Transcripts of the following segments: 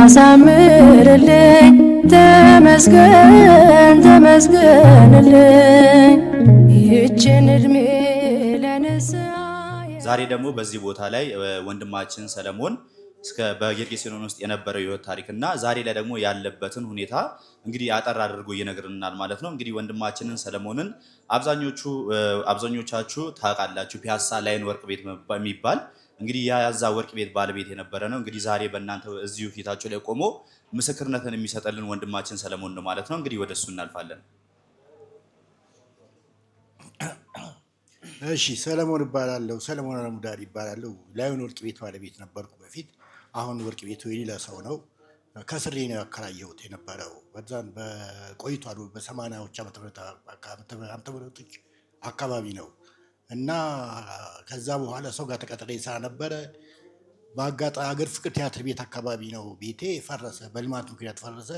አሳምርልኝ ተመስገን ተመስገንልኝ ይህችን እድሜ ለንስሐ። ዛሬ ደግሞ በዚህ ቦታ ላይ ወንድማችን ሰለሞን እስከ በጌርጌሴኖን ውስጥ የነበረው የህይወት ታሪክና ዛሬ ላይ ደግሞ ያለበትን ሁኔታ እንግዲህ አጠር አድርጎ ይነግርናል ማለት ነው። እንግዲህ ወንድማችንን ሰለሞንን አብዛኞቹ አብዛኞቻችሁ ታውቃላችሁ። ፒያሳ ላይን ወርቅ ቤት የሚባል እንግዲህ ያ ያዛ ወርቅ ቤት ባለቤት የነበረ ነው። እንግዲህ ዛሬ በእናንተ እዚሁ ፊታቸው ላይ ቆሞ ምስክርነትን የሚሰጠልን ወንድማችን ሰለሞን ነው ማለት ነው። እንግዲህ ወደ እሱ እናልፋለን። እሺ፣ ሰለሞን እባላለሁ። ሰለሞን አለሙዳር ይባላለሁ። ላዩን ወርቅ ቤት ባለቤት ነበርኩ በፊት። አሁን ወርቅ ቤቱ የሌላ ሰው ነው። ከስሬ ነው ያከራየሁት የነበረው። በዛን በቆይቷ በሰማንያዎች ዓመተ አካባቢ ነው እና ከዛ በኋላ ሰው ጋር ተቀጥሬ ስራ ነበረ። በአጋጣሚ ሀገር ፍቅር ቲያትር ቤት አካባቢ ነው ቤቴ ፈረሰ። በልማት ምክንያት ፈረሰ።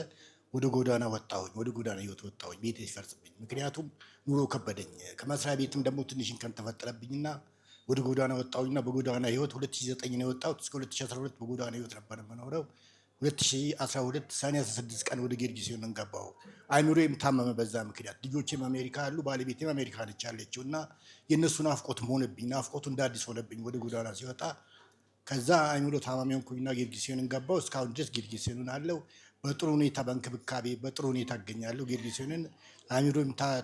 ወደ ጎዳና ወጣሁኝ። ወደ ጎዳና ህይወት ወጣሁኝ ቤቴ ሲፈርስብኝ። ምክንያቱም ኑሮ ከበደኝ። ከመስሪያ ቤትም ደግሞ ትንሽ እንከን ተፈጠረብኝና ወደ ጎዳና ወጣሁኝና በጎዳና ህይወት 2009 ነው የወጣሁት። እስከ 2012 በጎዳና ህይወት ነበር የምኖረው። 2012 ሰኔ 16 ቀን ወደ ጊዮርጊስ ሲሆን ገባው። አይምሮ የምታመመ በዛ ምክንያት ልጆቼም አሜሪካ አሉ፣ ባለቤቴም አሜሪካ ነች ያለችው እና የእነሱ ናፍቆትም ሆነብኝ። ናፍቆቱ እንደ አዲስ ሆነብኝ ወደ ጎዳና ሲወጣ። ከዛ አይምሮ ታማሚ ሆንኩኝና ጊዮርጊስ ሲሆን እስካሁን ድረስ ጊዮርጊስ አለው። በጥሩ ሁኔታ በእንክብካቤ በጥሩ ሁኔታ እገኛለሁ። ጊዮርጊስ ሲሆንን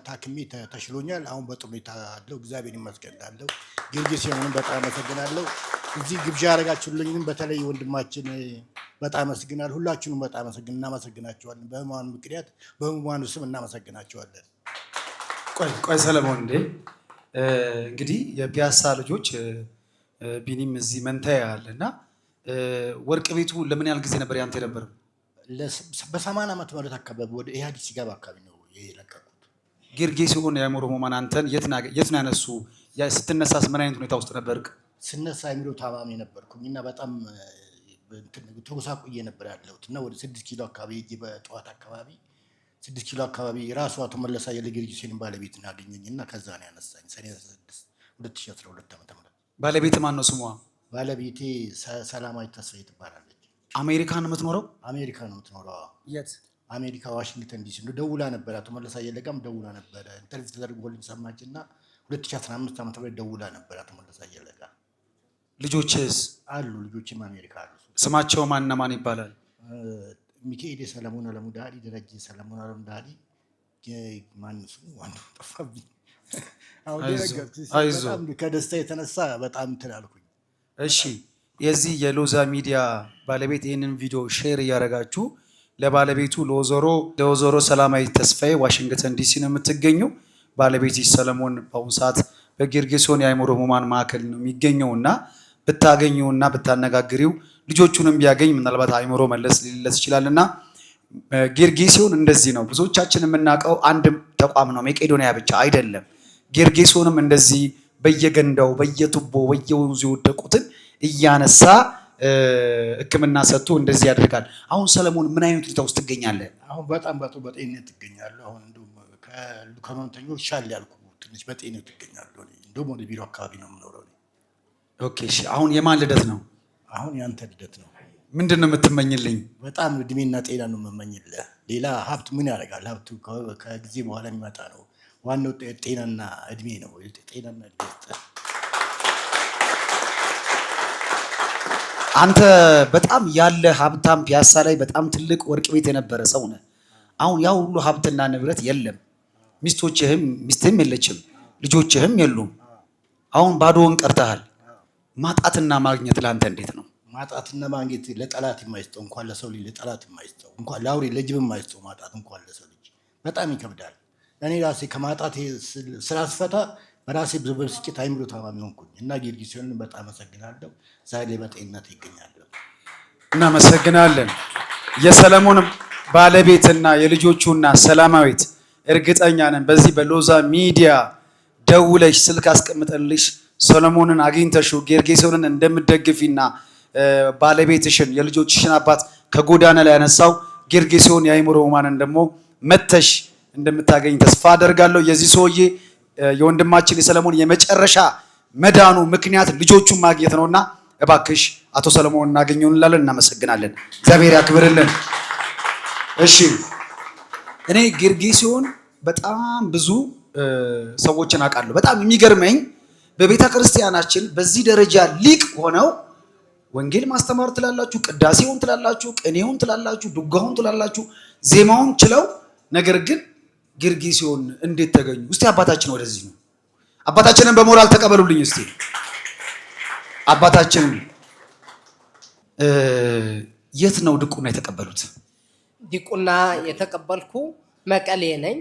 ታክሜ ተሽሎኛል። አሁን በጥሩ ሁኔታ አለው። እግዚአብሔር ይመስገን እላለሁ። ጊዮርጊስ በጣም አመሰግናለሁ። እዚህ ግብዣ ያደረጋችሁልኝንም በተለይ ወንድማችን በጣም አመሰግናል። ሁላችሁንም በጣም አመሰግን እናመሰግናቸዋለን። በህሙማኑ ምክንያት በህሙማኑ ስም እናመሰግናቸዋለን። ቆይ ቆይ ሰለሞን እንዴ እንግዲህ የፒያሳ ልጆች ቢኒም እዚህ መንታ ያለ እና ወርቅ ቤቱ ለምን ያህል ጊዜ ነበር ያንተ የነበረው? በሰማንያ ዓመት መሬት አካባቢ ወደ ኢህአዲስ ሲገባ አካባቢ ነው የለቀቁት። ጌርጌ ሲሆን የአእምሮ ህሙማን አንተን የት ነው ያነሱ? ስትነሳስ ምን አይነት ሁኔታ ውስጥ ነበርክ? ስነሳ የሚለው ታማሚ ነበርኩኝ እና በጣም ተጎሳቁዬ ነበር ያለሁት እና ወደ ስድስት ኪሎ አካባቢ ሄጄ በጠዋት አካባቢ ስድስት ኪሎ አካባቢ ራሱ አቶ መለሳ የልግርጅሴን ባለቤት አገኘኝ እና ከዛ ነው ያነሳኝ ሰኔ ስድስት ሁለት ሺህ አስራ ሁለት ዓመተ ምህረት ባለቤት ማን ነው ስሟ? ባለቤቴ ሰላማዊ ተስፋዬ ትባላለች። አሜሪካ ነው የምትኖረው? አሜሪካ ነው የምትኖረው። የት? አሜሪካ ዋሽንግተን ዲሲ ነው። ደውላ ነበረ አቶ መለሳ የለጋም ደውላ ነበረ ኢንተርቪው ተደርጎልን ሰማች እና 2015 ዓ ም ደውላ ነበረ አቶ መለሳ የለጋ ልጆችስ አሉ? ልጆችም አሜሪካ አሉ። ስማቸው ማንና ማን ይባላል? ሚካኤል ሰለሞን አለሙ ዳዲ፣ ደረጀ ሰለሞን አለሙ ዳዲ። ማን እሱ ጠፋብኝ። ከደስታ የተነሳ በጣም ትላልኩኝ። እሺ የዚህ የሎዛ ሚዲያ ባለቤት ይህንን ቪዲዮ ሼር እያደረጋችሁ ለባለቤቱ ለወዞሮ ለወይዘሮ ሰላማዊ ተስፋዬ ዋሽንግተን ዲሲ ነው የምትገኘው። ባለቤት ሰለሞን በአሁኑ ሰዓት በጌርጌሶን የአእምሮ ህሙማን ማዕከል ነው የሚገኘው እና እና ብታነጋግሪው ልጆቹንም ቢያገኝ ምናልባት አይምሮ መለስ ሊለስ ይችላል እና ጌርጌሲዮን እንደዚህ ነው። ብዙዎቻችን የምናውቀው አንድ ተቋም ነው፣ መቄዶንያ ብቻ አይደለም። ጌርጌሲዮንም እንደዚህ በየገንዳው በየቱቦ በየወንዙ የወደቁትን እያነሳ ሕክምና ሰጥቶ እንደዚህ ያደርጋል። አሁን ሰለሞን ምን አይነት ሁኔታ ውስጥ ትገኛለህ? አሁን በጣም በጥሩ በጤንነት ትገኛለሁ። አሁን እንደውም ከህመምተኞች ሻል ያልኩ ትንሽ በጤንነት ትገኛለሁ። እንደውም ወደ ቢሮ አካባቢ ነው የምኖረው ኦኬ እሺ። አሁን የማን ልደት ነው? አሁን ያንተ ልደት ነው። ምንድን ነው የምትመኝልኝ? በጣም እድሜና ጤና ነው የምመኝልህ። ሌላ ሀብት ምን ያደርጋል? ሀብቱ ከጊዜ በኋላ የሚመጣ ነው። ዋናው ጤናና እድሜ ነው። ጤናና እድሜ አንተ በጣም ያለ ሀብታም ፒያሳ ላይ በጣም ትልቅ ወርቅ ቤት የነበረ ሰው ነህ። አሁን ያ ሁሉ ሀብትና ንብረት የለም። ሚስቶችህም ሚስትህም የለችም፣ ልጆችህም የሉም። አሁን ባዶውን ቀርተሃል። ማጣትና ማግኘት ለአንተ እንዴት ነው? ማጣትና ማግኘት ለጠላት የማይስጠው እንኳን ለሰው ልጅ ለጠላት የማይስጠው እንኳን ለአውሬ ለጅብ የማይስጠው ማጣት እንኳን ለሰው ልጅ በጣም ይከብዳል። እኔ ራሴ ከማጣት ስላስፈታ በራሴ ብዙ በብስጭት አይምሮ ታማሚ ሆንኩኝ እና ጌርጌሴኖንን በጣም አመሰግናለሁ። ዛሬ በጤንነት ይገኛለሁ። እናመሰግናለን። የሰለሞን ባለቤትና የልጆቹና ሰላማዊት እርግጠኛ ነን በዚህ በሎዛ ሚዲያ ደውለሽ ስልክ አስቀምጠልሽ ሰሎሞንን አግኝተሽው ጌርጌሶንን እንደምደግፊና ባለቤትሽን የልጆችሽን አባት ከጎዳና ላይ ያነሳው ጌርጌሶን የአእምሮ ማንን ደግሞ መተሽ እንደምታገኝ ተስፋ አደርጋለሁ። የዚህ ሰውዬ የወንድማችን የሰለሞን የመጨረሻ መዳኑ ምክንያት ልጆቹን ማግኘት ነውና እባክሽ አቶ ሰለሞን እናገኘው እንላለን። እናመሰግናለን። እግዚአብሔር ያክብርልን። እሺ እኔ ጌርጌሴኖን በጣም ብዙ ሰዎችን አውቃለሁ። በጣም የሚገርመኝ በቤተ ክርስቲያናችን በዚህ ደረጃ ሊቅ ሆነው ወንጌል ማስተማር ትላላችሁ፣ ቅዳሴውን ትላላችሁ፣ ቅኔውን ትላላችሁ፣ ዱጋውን ትላላችሁ፣ ዜማውን ችለው ነገር ግን ጌርጌሴዎን እንዴት ተገኙ? እስቲ አባታችን ወደዚህ ነው። አባታችንን በሞራል ተቀበሉልኝ። እስቲ አባታችን የት ነው ድቁና የተቀበሉት? ዲቁና የተቀበልኩ መቀሌ ነኝ።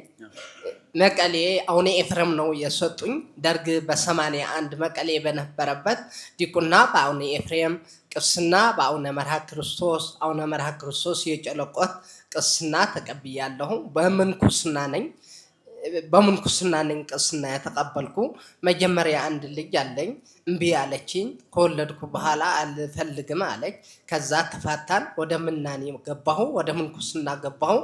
መቀሌ አሁን ኤፍሬም ነው የሰጡኝ። ደርግ በሰማንያ አንድ መቀሌ በነበረበት ዲቁና በአሁነ ኤፍሬም ቅስና በአሁነ መርሃ ክርስቶስ አሁነ መርሃ ክርስቶስ የጨለቆት ቅስና ተቀብያለሁ። በምንኩስና ነኝ። በምንኩስና ንቅስና የተቀበልኩ መጀመሪያ አንድ ልጅ አለኝ። እምቢ አለችኝ። ከወለድኩ በኋላ አልፈልግም አለች። ከዛ ተፋታን። ወደ ምናኔ ገባሁ፣ ወደ ምንኩስና ገባሁ።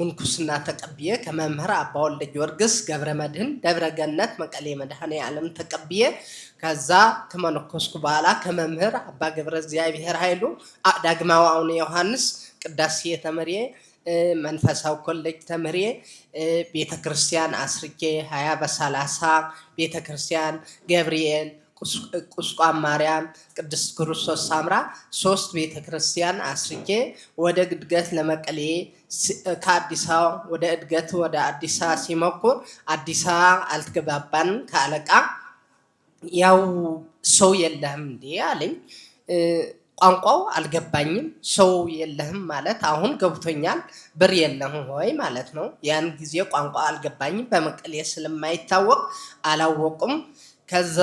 ምንኩስና ተቀብዬ ከመምህር አባ ወልደ ጊዮርጊስ ገብረ መድህን ደብረ ገነት መቀሌ መድኃኔ ዓለም ተቀብዬ ከዛ ከመነኮስኩ በኋላ ከመምህር አባ ገብረ እግዚአብሔር ኃይሉ ዳግማዊ አቡነ ዮሐንስ ቅዳሴ ተምሬ መንፈሳዊ ኮሌጅ ተምሬ ቤተክርስቲያን አስርጌ ሀያ በሰላሳ ቤተክርስቲያን ገብርኤል ቁስቋም ማርያም፣ ቅድስት ክርስቶስ ሳምራ ሶስት ቤተ ክርስቲያን አስርጌ ወደ ግድገት ለመቀሌ ከአዲስ ወደ እድገት ወደ አዲስ አበባ ሲሞክር አዲስ አበባ ከአለቃ ያው ሰው የለህም እንዴ አለኝ። ቋንቋው አልገባኝም። ሰው የለህም ማለት አሁን ገብቶኛል። ብር የለህም ወይ ማለት ነው። ያን ጊዜ ቋንቋ አልገባኝም፣ በመቀሌ ስለማይታወቅ አላወቁም። ከዛ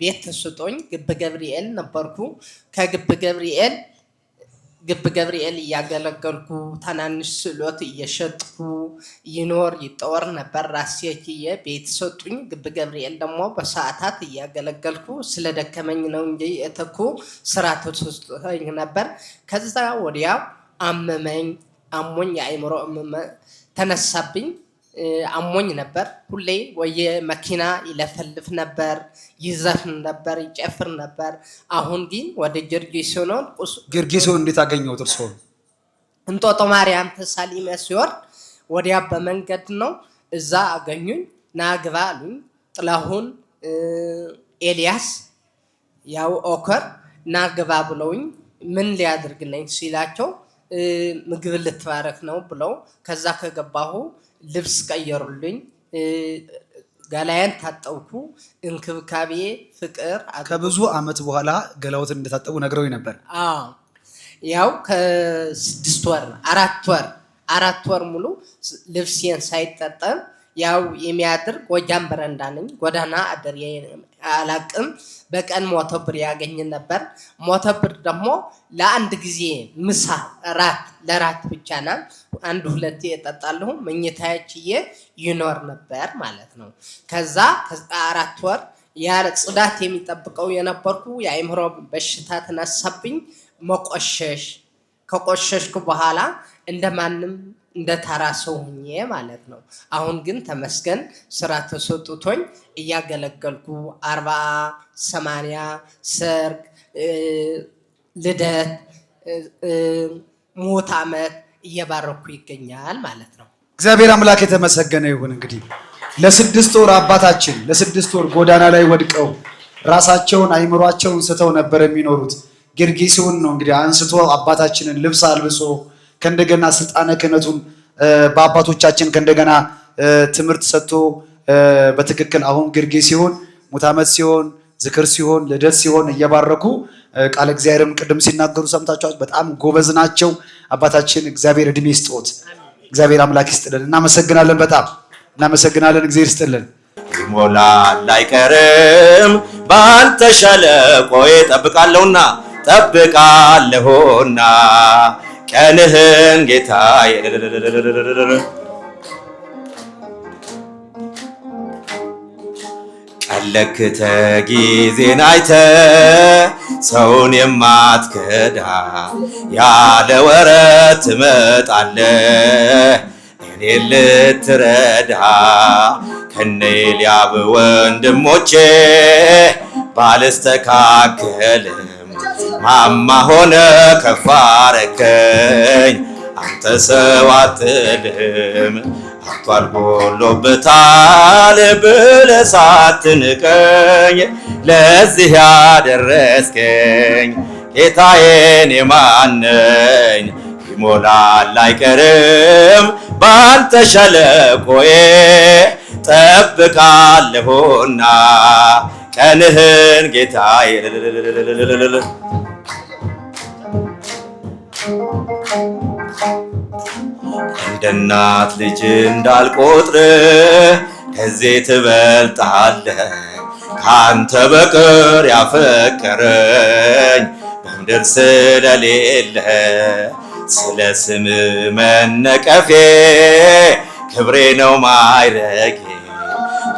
ቤት ስጦኝ ግብ ገብርኤል ነበርኩ። ከግብ ገብርኤል ግብ ገብርኤል እያገለገልኩ ታናንሽ ስዕሎት እየሸጥኩ ይኖር ይጠወር ነበር። ራሴ ቤት ሰጡኝ። ግብ ገብርኤል ደግሞ በሰዓታት እያገለገልኩ ስለደከመኝ ነው እንጂ የተኩ ስራ ተሰጥቶኝ ነበር። ከዛ ወዲያ አመመኝ፣ አሞኝ የአእምሮ እመመ ተነሳብኝ። አሞኝ ነበር። ሁሌ ወየ መኪና ይለፈልፍ ነበር፣ ይዘፍን ነበር፣ ይጨፍር ነበር። አሁን ግን ወደ ጀርጌሶ ነው። ጀርጌሶ እንዴት አገኘሁት? እርሶ እንጦጦ ማርያም ተሳሊመ ሲወርድ ወዲያ በመንገድ ነው። እዛ አገኙኝ። ናግባ አሉኝ። ጥላሁን ኤልያስ፣ ያው ኦከር ናግባ ብለውኝ ምን ሊያደርግልኝ ሲላቸው ምግብ ልትባረክ ነው ብለው ከዛ ከገባሁ ልብስ ቀየሩልኝ፣ ገላያን ታጠብኩ። እንክብካቤ፣ ፍቅር ከብዙ አመት በኋላ ገላዎትን እንደታጠቡ ነግረው ነበር። ያው ከስድስት ወር አራት ወር አራት ወር ሙሉ ልብሴን ሳይጠጠም ያው የሚያድር ጎጃም በረንዳ ነኝ። ጎዳና አደር አላቅም። በቀን ሞተብር ብር ያገኝ ነበር። ሞቶ ብር ደግሞ ለአንድ ጊዜ ምሳ ራት ለራት ብቻ ና አንድ ሁለት የጠጣለሁ መኝታያችዬ ይኖር ነበር ማለት ነው። ከዛ አራት ወር ጽዳት የሚጠብቀው የነበርኩ የአይምሮ በሽታ ተነሳብኝ። መቆሸሽ ከቆሸሽኩ በኋላ እንደማንም እንደ ተራ ሰው ሁኜ ማለት ነው። አሁን ግን ተመስገን ስራ ተሰጥቶኝ እያገለገልኩ አርባ ሰማንያ ሰርግ፣ ልደት፣ ሞት ዓመት እየባረኩ ይገኛል ማለት ነው። እግዚአብሔር አምላክ የተመሰገነ ይሁን። እንግዲህ ለስድስት ወር አባታችን ለስድስት ወር ጎዳና ላይ ወድቀው ራሳቸውን አይምሯቸውን ስተው ነበር የሚኖሩት። ጌርጌሴዎን ነው እንግዲህ አንስቶ አባታችንን ልብስ አልብሶ ከእንደገና ስልጣነ ክህነቱን በአባቶቻችን ከእንደገና ትምህርት ሰጥቶ በትክክል አሁን ግርጌ ሲሆን ሙታመት ሲሆን ዝክር ሲሆን ልደት ሲሆን እየባረኩ ቃለ እግዚአብሔርም ቅድም ሲናገሩ ሰምታችኋል። በጣም ጎበዝ ናቸው አባታችን። እግዚአብሔር እድሜ ይስጥዎት፣ እግዚአብሔር አምላክ ይስጥልን። እናመሰግናለን፣ በጣም እናመሰግናለን። እግዚአብሔር ይስጥልን። ሞላ አይቀርም ባንተ ሸለቆ ጠብቃለሁና ጠብቃለሁና ቀንህን ጌታዬ ቀለክተ ጊዜን አይተ ሰውን የማትከዳ ያለ ወረት ትመጣለ እኔ ልትረዳ ከነ ኤልያብ ወንድሞቼ ባለስተካከለ ማማ ሆነ ከፋረከኝ አረከኝ አንተ ሰው አትልም አቶ አልጎሎበታል ብለህ ሳትንቀኝ ለዚህ ያደረስከኝ ጌታዬን የማነኝ ይሞላል አይቀርም ባንተ ሸለቆዬ ጠብቃለሁና ቀንህን ጌታ እንደ እናት ልጅ እንዳልቆጥር ከዚህ ትበልጣለህ ካንተ በቀር ያፈቀረኝ በምድር ስለሌለ ስለ ስም መነቀፌ ክብሬ ነው ማይረጌ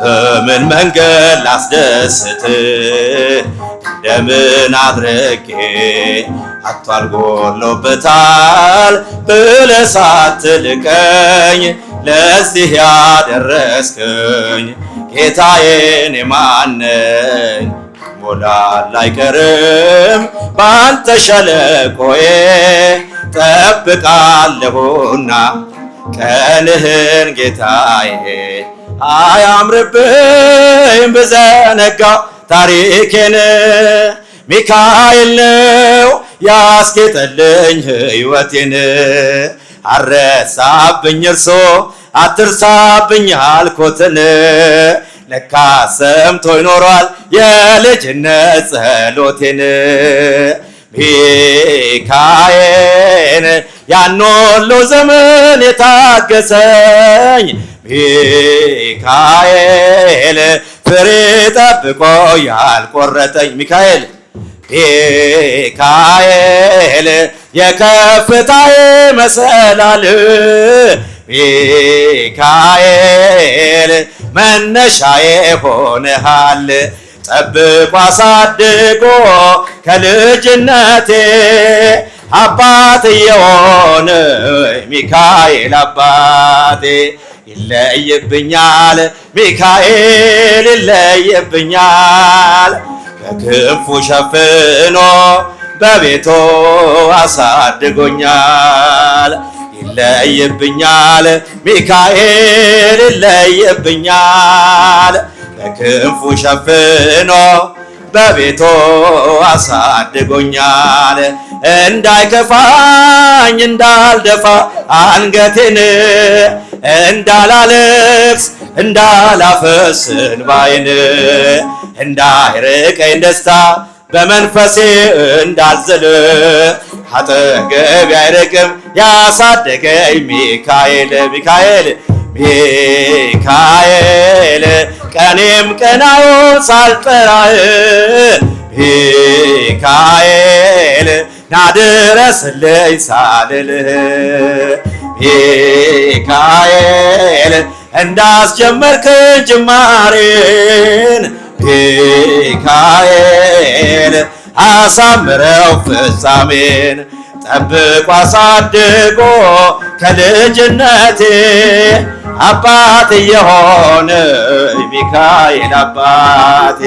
በምን መንገድ ላስደስት እንደምን አድረጌ አቷል ጎሎበታል ብለሳት ልቀኝ ለዚህ ያደረስክኝ ጌታዬን የማነኝ ሞላል አይቀርም ባንተ ሸለቆዬ ጠብቃለሁና ቀንህን ጌታዬ አያምርብኝ ብዘነጋ ታሪኬን ሚካኤል ነው ያስጌጠልኝ ሕይወቴን። አረሳብኝ እርሶ አትርሳብኝ አልኮትን ለካ ሰምቶ ይኖሯል የልጅነት ጸሎቴን። ሚካኤል ያን ዘመን የታገሰኝ ሚካኤል ፍሬ ጠብቆ ያልቆረጠኝ ሚካኤል ሚካኤል የከፍታዬ መሰላል ሚካኤል መነሻዬ ሆነሃል ጠብቆ አሳድጎ ከልጅነቴ አባት የሆነ ሚካኤል አባቴ ይለየብኛል ሚካኤል ይለየብኛል በክንፉ ሸፍኖ በቤቶ አሳድጎኛል። ይለየብኛል ሚካኤል ይለየብኛል በክንፉ ሸፍኖ በቤቶ አሳድጎኛል። እንዳይከፋኝ እንዳልደፋ አንገቴን እንዳላለቅስ እንዳላፈስ እንዳይርቀኝ ደስታ በመንፈሴ እንዳልዘል አጠገቤ አይርቅም ያሳደገኝ ሚካኤል ሚካኤል ሚካኤል ቀኔም ቀናዩን ሳልጠራህ ሚካኤል ናድረስልኝ ሳልልህ እንዳስጀመርክ ጅማሬን ሚካኤል አሳምረው ፍጻሜን ጠብቆ አሳድጎ ከልጅነቴ አባት የሆነ ሚካኤል አባቴ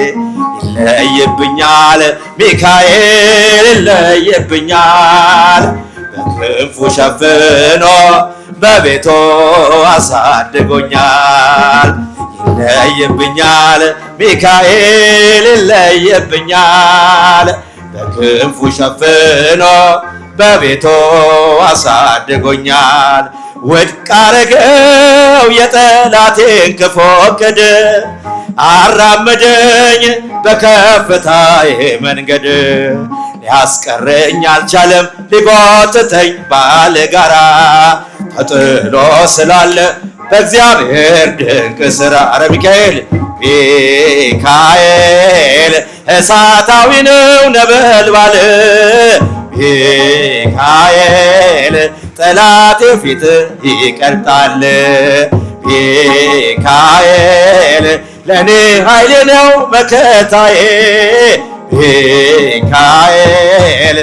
ይለይብኛል ሚካኤል ይለይብኛል በክንፉ ሸፍኖ በቤቱ አሳድጎኛል። ይለየብኛል ሚካኤል ይለየብኛል። በክንፉ ሸፍኖ በቤቶ አሳድጎኛል። ወድቅ አረገው የጠላቴን ክፉ እቅድ አራመደኝ በከፍታዬ መንገድ ሊያስቀረኝ አልቻለም ሊጎትተኝ ባለ ጋራ ተጥሎ ስላለ በእግዚአብሔር ድንቅ ስራ አረ ሚካኤል ሚካኤል እሳታዊ ነው ነበልባል ሚካኤል ጠላቴ ፊት ይቀልጣል ሚካኤል ለእኔ ኃይሌ ነው መከታዬ ሚካኤል